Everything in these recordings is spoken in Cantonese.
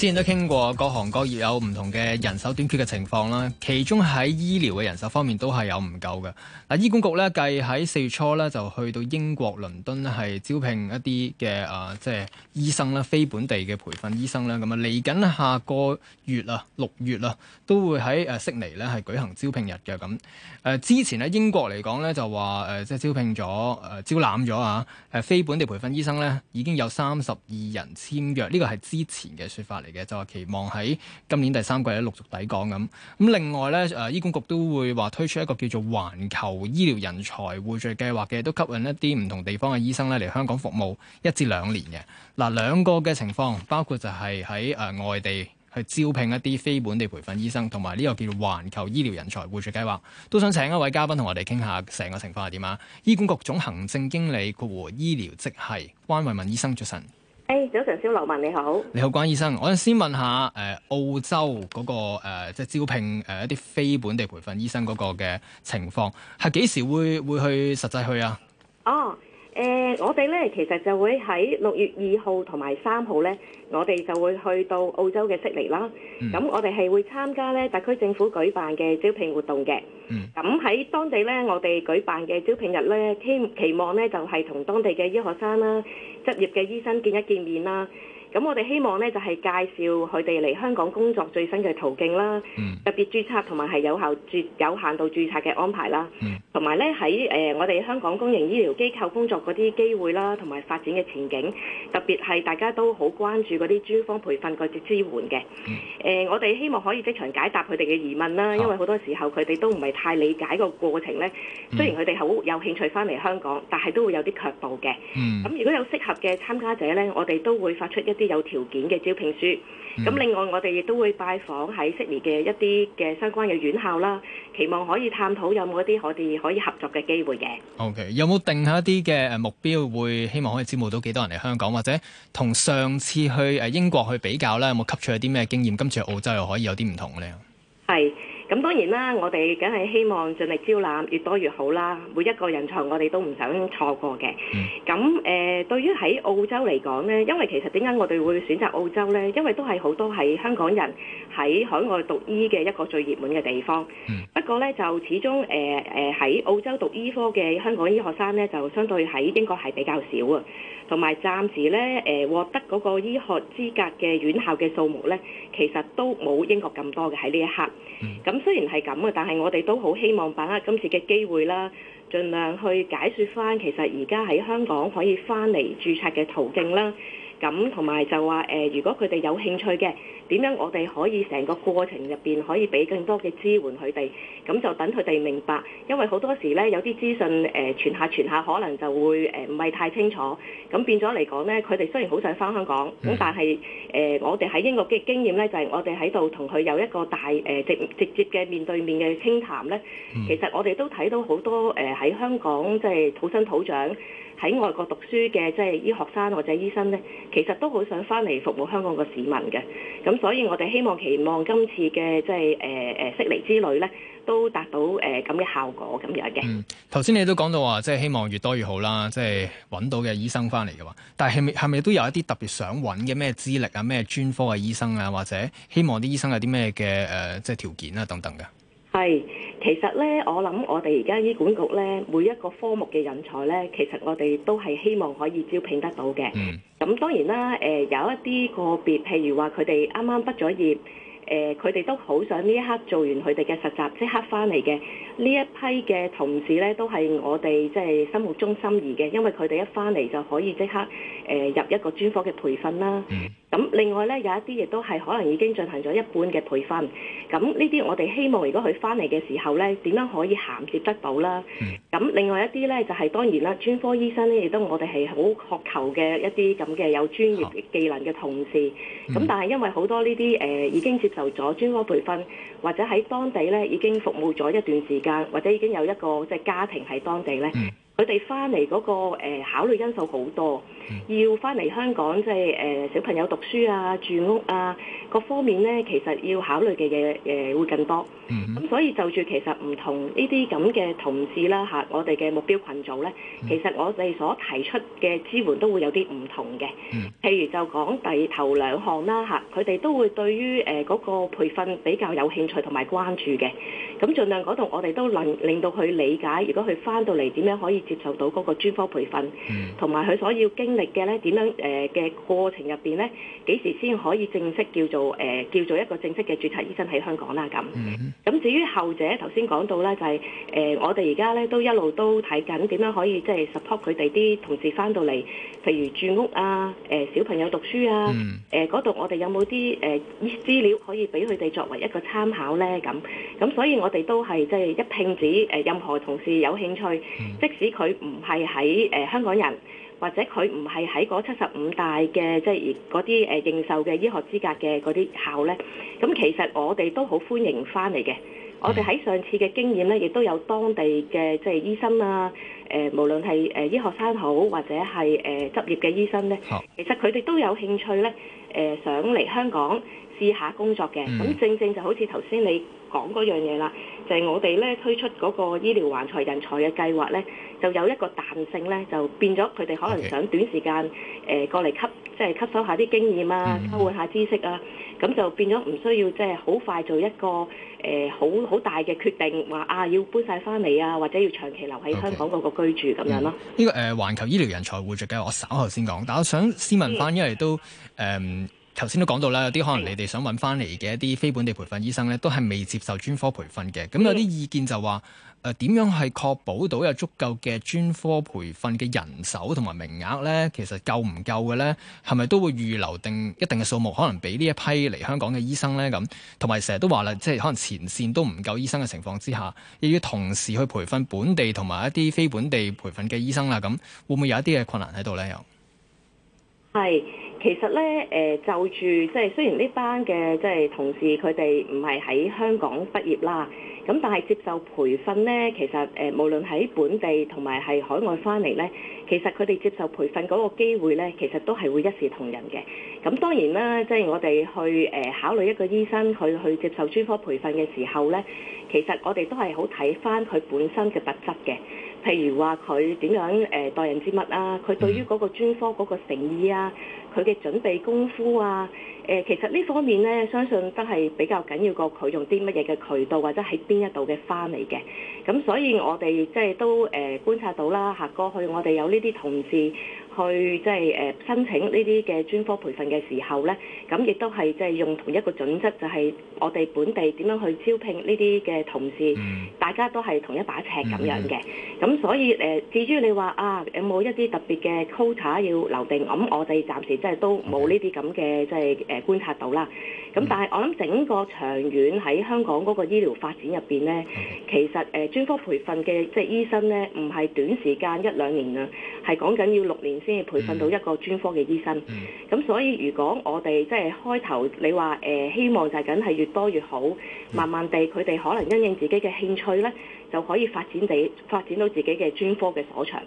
之前都傾過，各行各業有唔同嘅人手短缺嘅情況啦。其中喺醫療嘅人手方面都係有唔夠嘅。嗱，醫管局咧計喺四月初咧就去到英國倫敦係招聘一啲嘅啊，即係醫生啦，非本地嘅培訓醫生啦。咁啊，嚟緊下，下個月啊，六月啊，都會喺誒悉尼咧係舉行招聘日嘅咁。誒、啊、之前咧英國嚟講咧就話誒、呃、即係招聘咗誒、呃、招攬咗啊誒非本地培訓醫生咧已經有三十二人簽約，呢個係之前嘅説法嚟。嘅就話期望喺今年第三季咧陸續抵港咁，咁另外咧誒，醫管局都會話推出一個叫做環球醫療人才匯聚計劃嘅，都吸引一啲唔同地方嘅醫生咧嚟香港服務一至兩年嘅。嗱兩個嘅情況，包括就係喺誒外地去招聘一啲非本地培訓醫生，同埋呢個叫做環球醫療人才匯聚計劃，都想請一位嘉賓同我哋傾下成個情況係點啊？醫管局總行政經理和醫療職系關慧敏醫生早晨。誒，hey，早晨，小劉文，你好，你好關醫生，我想先問下誒、呃，澳洲嗰、那個誒、呃，即係招聘誒一啲非本地培訓醫生嗰個嘅情況，係幾時會會去實際去啊？哦。Oh. 誒、呃，我哋咧其實就會喺六月二號同埋三號咧，我哋就會去到澳洲嘅悉尼啦。咁我哋係會參加咧特區政府舉辦嘅招聘活動嘅。咁喺當地咧，我哋舉辦嘅招聘日咧，期期望咧就係、是、同當地嘅醫學生啦、執業嘅醫生見一見面啦。咁我哋希望咧就係、是、介紹佢哋嚟香港工作最新嘅途徑啦，嗯、特別註冊同埋係有效注有限度註冊嘅安排啦，同埋咧喺誒我哋香港公營醫療機構工作嗰啲機會啦，同埋發展嘅前景，特別係大家都好關注嗰啲專科培訓嗰啲支援嘅。誒、嗯呃，我哋希望可以即場解答佢哋嘅疑問啦，因為好多時候佢哋都唔係太理解個過程咧。雖然佢哋好有興趣翻嚟香港，但係都會有啲卻步嘅。咁、嗯嗯、如果有適合嘅參加者咧，我哋都會發出一啲有條件嘅招聘書，咁另外我哋亦都會拜訪喺悉尼嘅一啲嘅相關嘅院校啦，期望可以探討有冇一啲我哋可以合作嘅機會嘅。O K，有冇定下一啲嘅誒目標？會希望可以招募到幾多人嚟香港，或者同上次去誒英國去比較啦？有冇吸取一啲咩經驗？今次去澳洲又可以有啲唔同呢？係。咁當然啦，我哋梗係希望盡力招攬越多越好啦。每一個人才我哋都唔想錯過嘅。咁誒、mm. 呃，對於喺澳洲嚟講呢，因為其實點解我哋會選擇澳洲呢？因為都係好多係香港人，喺海外讀醫嘅一個最熱門嘅地方。Mm. 不過呢，就始終誒誒喺澳洲讀醫科嘅香港醫學生呢，就相對喺英國係比較少啊。同埋暫時呢，誒、呃、獲得嗰個醫學資格嘅院校嘅數目呢，其實都冇英國咁多嘅喺呢一刻。咁、mm. 雖然係咁啊，但係我哋都好希望把握今次嘅機會啦，盡量去解説翻其實而家喺香港可以翻嚟註冊嘅途徑啦。咁同埋就話誒、呃，如果佢哋有興趣嘅，點樣我哋可以成個過程入邊可以俾更多嘅支援佢哋？咁就等佢哋明白，因為好多時咧有啲資訊誒、呃、傳下傳下，可能就會誒唔係太清楚。咁變咗嚟講咧，佢哋雖然好想返香港，咁但係誒、呃、我哋喺英國嘅經驗咧，就係、是、我哋喺度同佢有一個大誒直、呃、直接嘅面對面嘅傾談咧。其實我哋都睇到好多誒喺、呃、香港即係、就是、土生土長。喺外國讀書嘅即係醫學生或者醫生咧，其實都好想翻嚟服務香港個市民嘅。咁所以我哋希望期望今次嘅即係誒誒悉尼之旅咧，都達到誒咁嘅效果咁樣嘅。嗯，頭先你都講到話，即係希望越多越好啦，即係揾到嘅醫生翻嚟嘅話，但係係咪都有一啲特別想揾嘅咩資歷啊、咩專科嘅醫生啊，或者希望啲醫生有啲咩嘅誒即係條件啊等等嘅？係，其實咧，我諗我哋而家醫管局咧，每一個科目嘅人才咧，其實我哋都係希望可以招聘得到嘅。咁、嗯、當然啦，誒、呃，有一啲個別，譬如話佢哋啱啱畢咗業。誒，佢哋、呃、都好想呢一刻做完佢哋嘅實習，即刻翻嚟嘅呢一批嘅同事呢，都係我哋即係心目中心儀嘅，因為佢哋一翻嚟就可以即刻誒入一個專科嘅培訓啦。咁、嗯、另外呢，有一啲亦都係可能已經進行咗一半嘅培訓，咁呢啲我哋希望如果佢翻嚟嘅時候呢，點樣可以銜接得到啦。咁、嗯、另外一啲呢，就係、是、當然啦，專科醫生呢，亦都我哋係好渴求嘅一啲咁嘅有專業技能嘅同事。咁、嗯嗯、但係因為好多呢啲誒已經接受咗專科培訓，或者喺當地咧已經服務咗一段時間，或者已經有一個即係、就是、家庭喺當地咧。嗯佢哋翻嚟嗰個、呃、考慮因素好多，要翻嚟香港，即係誒小朋友讀書啊、住屋啊各方面咧，其實要考慮嘅嘢誒會更多。咁、mm hmm. 嗯、所以就住其實唔同呢啲咁嘅同事啦嚇、啊，我哋嘅目標群組咧，mm hmm. 其實我哋所提出嘅支援都會有啲唔同嘅。譬如就講第頭兩項啦嚇，佢、啊、哋都會對於誒嗰、呃那個培訓比較有興趣同埋關注嘅，咁儘量嗰度我哋都能令到佢理解，如果佢翻到嚟點樣可以。接受到嗰個專科培訓，同埋佢所要經歷嘅咧點樣誒嘅、呃、過程入邊咧，幾時先可以正式叫做誒、呃、叫做一個正式嘅注冊醫生喺香港啦咁。咁、mm. 至於後者頭先講到咧就係、是、誒、呃、我哋而家咧都一路都睇緊點樣可以即係、就是、support 佢哋啲同事翻到嚟，譬如住屋啊，誒、呃、小朋友讀書啊，誒嗰度我哋有冇啲誒資料可以俾佢哋作為一個參考咧咁。咁、嗯、所以我哋都係即係一拼子誒任,任何同事有興趣，即使。佢唔係喺誒香港人，或者佢唔係喺嗰七十五大嘅，即係嗰啲誒認受嘅醫學資格嘅嗰啲校咧，咁其實我哋都好歡迎翻嚟嘅。Mm hmm. 我哋喺上次嘅經驗咧，亦都有當地嘅即係醫生啊，誒、呃，無論係誒醫學生好，或者係誒、呃、執業嘅醫生咧，oh. 其實佢哋都有興趣咧，誒、呃，想嚟香港試下工作嘅。咁正正就好似頭先你講嗰樣嘢啦，就係、是、我哋咧推出嗰個醫療環才人才嘅計劃咧，就有一個彈性咧，就變咗佢哋可能想短時間誒 Okay.、呃、過嚟吸，即係吸收下啲經驗啊，交、mm hmm. 換下知識啊。咁就變咗唔需要即係好快做一個誒好好大嘅決定，話啊要搬晒翻嚟啊，或者要長期留喺香港嗰個居住咁 Okay. 樣咯。呢、嗯這個誒環、呃、球醫療人才匯聚計劃，我稍後先講。但我想先問翻，嗯、因為都誒。呃頭先都講到啦，有啲可能你哋想揾翻嚟嘅一啲非本地培訓醫生呢，都係未接受專科培訓嘅。咁有啲意見就話，是，誒，呃，點樣係確保到有足夠嘅專科培訓嘅人手同埋名額呢？其實夠唔夠嘅呢？係咪都會預留定一定嘅數目，可能俾呢一批嚟香港嘅醫生呢？咁同埋成日都話啦，即係可能前線都唔夠醫生嘅情況之下，亦要同時去培訓本地同埋一啲非本地培訓嘅醫生啦。咁會唔會有一啲嘅困難喺度呢？又係。其實咧，誒就住即係雖然呢班嘅即係同事佢哋唔係喺香港畢業啦，咁但係接受培訓咧，其實誒無論喺本地同埋係海外翻嚟咧，其實佢哋接受培訓嗰個機會咧，其實都係會一視同仁嘅。咁當然啦，即係我哋去誒考慮一個醫生佢去接受專科培訓嘅時候咧，其實我哋都係好睇翻佢本身嘅特質嘅，譬如話佢點樣誒待人接物啊，佢對於嗰個專科嗰個誠意啊。佢嘅準備功夫啊，誒、呃，其實呢方面咧，相信都係比較緊要過佢用啲乜嘢嘅渠道，或者喺邊一度嘅花嚟嘅。咁所以我哋即係都誒、呃、觀察到啦。吓，過去我哋有呢啲同事。去即係誒申請呢啲嘅專科培訓嘅時候咧，咁亦都係即係用同一個準則，就係、是、我哋本地點樣去招聘呢啲嘅同事，mm. 大家都係同一把尺咁樣嘅。咁、mm. 嗯、所以誒、呃，至於你話啊，有冇一啲特別嘅 quota 要留定？咁我哋暫時即係都冇呢啲咁嘅即係誒觀察到啦。咁、嗯、但係我諗整個長遠喺香港嗰個醫療發展入邊呢，其實誒、呃、專科培訓嘅即係醫生呢，唔係短時間一兩年啊，係講緊要六年先至培訓到一個專科嘅醫生。咁、嗯、所以如果我哋即係開頭你話誒、呃、希望就係緊係越多越好，慢慢地佢哋可能因應自己嘅興趣呢。就可以發展地發展到自己嘅專科嘅所長，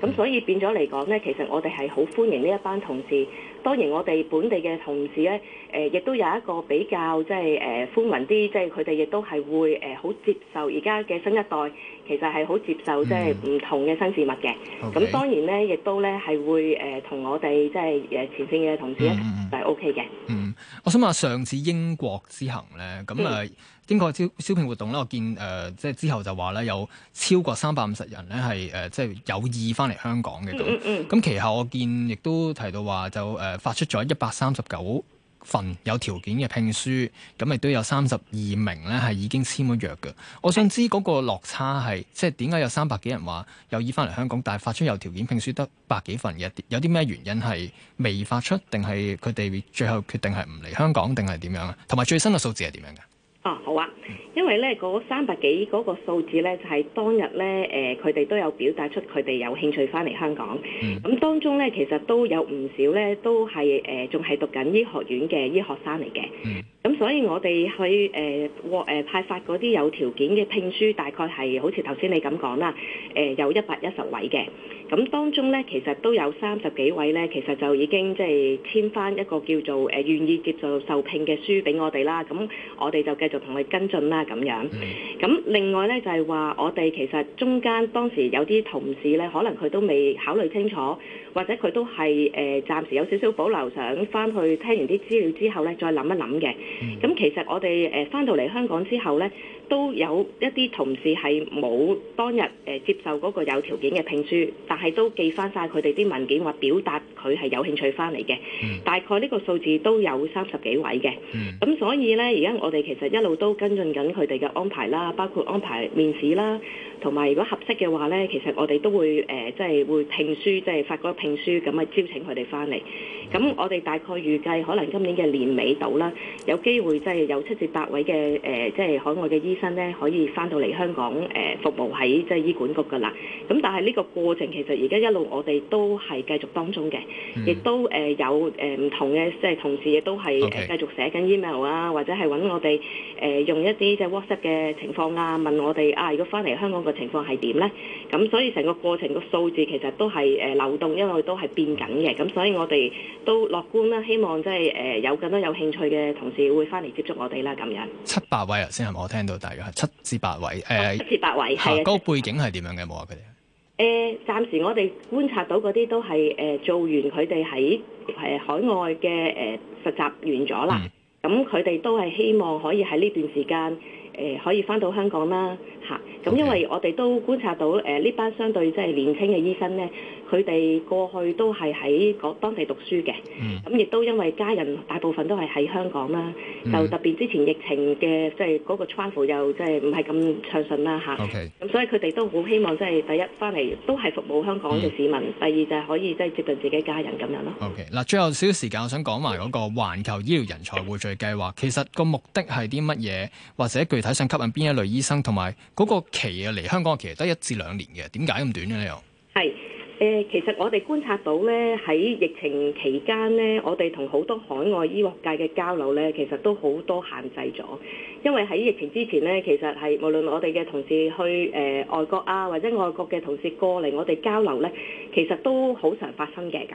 咁所以變咗嚟講呢，其實我哋係好歡迎呢一班同事。當然，我哋本地嘅同事呢，誒、呃、亦都有一個比較即係誒寬容啲，即係佢哋亦都係會誒好、呃、接受而家嘅新一代。其實係好接受即係唔同嘅新事物嘅，咁當然咧，亦都咧係會誒同我哋即係誒前線嘅同事咧係 O K 嘅。嗯，我想問下上次英國之行咧，咁啊、嗯、英國招招聘活動咧，我見誒、呃、即係之後就話咧有超過三百五十人咧係誒即係有意翻嚟香港嘅咁。咁其後我見亦都提到話就誒、呃、發出咗一百三十九份有條件嘅聘書，咁亦都有三十二名咧係已經簽咗約嘅。我想知嗰個落差係即係點解有三百幾人話有意翻嚟香港，但係發出有條件聘書得百幾份嘅，有啲咩原因係未發出，定係佢哋最後決定係唔嚟香港，定係點樣啊？同埋最新嘅數字係點樣嘅？哦，啊，好啊。嗯因為咧嗰三百幾嗰個數字咧，就係、是、當日咧，誒佢哋都有表達出佢哋有興趣翻嚟香港。咁、mm. 嗯、當中咧，其實都有唔少咧，都係誒仲係讀緊醫學院嘅醫學生嚟嘅。咁、mm. 嗯、所以我哋去誒、呃、獲誒、呃、派發嗰啲有條件嘅聘書，大概係好似頭先你咁講啦，誒、呃、有一百一十位嘅。咁、嗯、當中咧，其實都有三十幾位咧，其實就已經即係簽返一個叫做誒、呃、願意接受受聘嘅書俾我哋啦。咁我哋就繼續同佢跟進啦。咁樣，咁、嗯、另外咧就係話我哋其實中間當時有啲同事咧，可能佢都未考慮清楚。或者佢都係誒、呃、暫時有少少保留，想翻去聽完啲資料之後咧，再諗一諗嘅。咁、mm. 其實我哋誒翻到嚟香港之後咧，都有一啲同事係冇當日誒、呃、接受嗰個有條件嘅聘書，但係都寄翻晒佢哋啲文件，話表達佢係有興趣翻嚟嘅。Mm. 大概呢個數字都有三十幾位嘅。咁、mm. 所以咧，而家我哋其實一路都跟進緊佢哋嘅安排啦，包括安排面試啦，同埋如果合適嘅話咧，其實我哋都會誒即係會聘書，即係發個。聘書咁啊，招請佢哋翻嚟。咁我哋大概預計可能今年嘅年尾到啦，有機會即係有七至八位嘅誒，即、呃、係、就是、海外嘅醫生咧，可以翻到嚟香港誒服務喺即係醫管局㗎喇。咁但係呢個過程其實而家一路我哋都係繼續當中嘅，亦、嗯、都誒有誒唔同嘅即係同事亦都係誒繼續寫緊 email 啊，Okay. 或者係揾我哋誒、呃、用一啲即係 WhatsApp 嘅情況啊，問我哋啊，如果翻嚟香港嘅情況係點咧？咁所以成個過程個數字其實都係誒流動因。都係變緊嘅，咁、嗯、所以我哋都樂觀啦。希望即係誒有更多有興趣嘅同事會翻嚟接觸我哋啦。咁樣七八位啊，先係我聽到，大約係七至八位。誒、呃，七至八位。係啊，嗰個背景係點樣嘅？冇啊、呃，佢哋誒暫時我哋觀察到嗰啲都係誒、呃、做完佢哋喺誒海外嘅誒、呃、實習完咗啦。咁佢哋都係希望可以喺呢段時間。誒可以翻到香港啦，嚇、嗯！咁 Okay. 因為我哋都觀察到，誒、呃、呢班相對即係年輕嘅醫生呢，佢哋過去都係喺個當地讀書嘅，咁亦、嗯、都因為家人大部分都係喺香港啦，嗯、就特別之前疫情嘅即係嗰個 t r 又即係唔係咁暢順啦，嚇 Okay.、嗯。咁所以佢哋都好希望即係第一翻嚟都係服務香港嘅市民，嗯、第二就係可以即係接近自己家人咁樣咯。嗱、okay.，最後少少時間，我想講埋嗰個全球醫療人才匯聚計劃，其實個目的係啲乜嘢，或者具體。想吸引邊一類醫生，同埋嗰個期啊，嚟香港嘅期得一至兩年嘅，點解咁短嘅呢？又係誒，其實我哋觀察到咧，喺疫情期間咧，我哋同好多海外醫學界嘅交流咧，其實都好多限制咗。因為喺疫情之前咧，其實係無論我哋嘅同事去誒、呃、外國啊，或者外國嘅同事過嚟我哋交流咧，其實都好常發生嘅咁。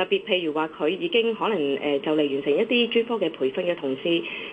特別譬如話，佢已經可能誒、呃、就嚟完成一啲專科嘅培訓嘅同事，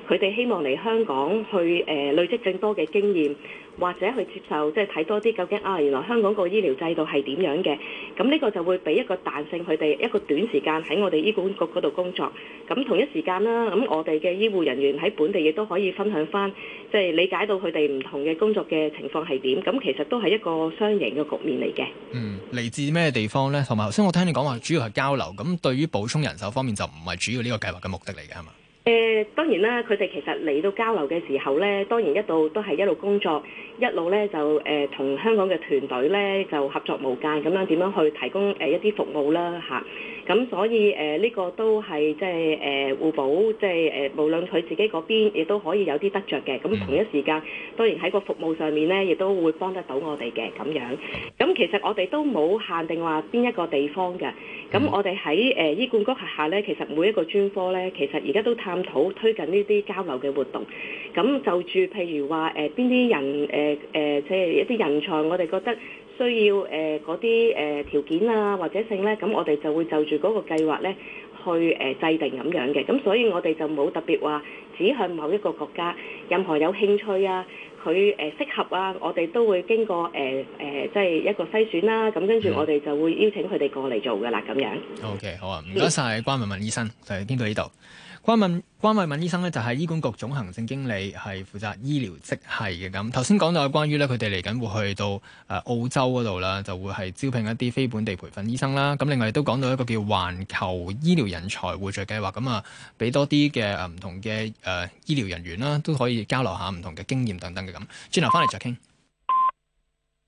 佢哋希望嚟香港去誒、呃、累積更多嘅經驗，或者去接受即係睇多啲究竟啊原來香港個醫療制度係點樣嘅？咁呢個就會俾一個彈性，佢哋一個短時間喺我哋醫管局嗰度工作。咁同一時間啦，咁我哋嘅醫護人員喺本地亦都可以分享返，即係理解到佢哋唔同嘅工作嘅情況係點。咁其實都係一個雙贏嘅局面嚟嘅。嗯，嚟自咩地方呢？同埋頭先我聽你講話，主要係交流。咁對於補充人手方面就唔係主要呢個計劃嘅目的嚟嘅係嘛？誒，當然啦，佢哋其實嚟到交流嘅時候呢，當然一度都係一路工作，一路呢就誒同、呃、香港嘅團隊呢就合作無間，咁樣點樣去提供誒一啲服務啦嚇。咁所以誒呢、呃這個都係即係誒互補，即係誒、呃、無論佢自己嗰邊亦都可以有啲得着嘅。咁同一時間當然喺個服務上面咧，亦都會幫得到我哋嘅咁樣。咁其實我哋都冇限定話邊一個地方嘅。咁我哋喺誒醫管局轄下咧，其實每一個專科咧，其實而家都探討推進呢啲交流嘅活動。咁就住譬如話誒邊啲人誒誒即係一啲人才，我哋覺得。需要誒嗰啲誒條件啊，或者性咧，咁我哋就會就住嗰個計劃咧去誒、呃、制定咁樣嘅，咁所以我哋就冇特別話。指向某一個國家，任何有興趣啊，佢誒適合啊，我哋都會經過誒誒、呃呃，即係一個篩選啦。咁跟住我哋就會邀請佢哋過嚟做嘅啦。咁樣。O、okay, K，好啊，唔該晒。關慧敏醫生，就係傾到呢度。關敏，關慧敏醫生呢，就係醫管局總行政經理，係負責醫療職系嘅咁。頭先講到關於呢，佢哋嚟緊會去到誒澳洲嗰度啦，就會係招聘一啲非本地培訓醫生啦。咁另外都講到一個叫環球醫療人才匯聚計劃，咁啊，俾多啲嘅唔同嘅。誒、呃、醫療人員啦，都可以交流下唔同嘅經驗等等嘅咁，轉頭返嚟再傾。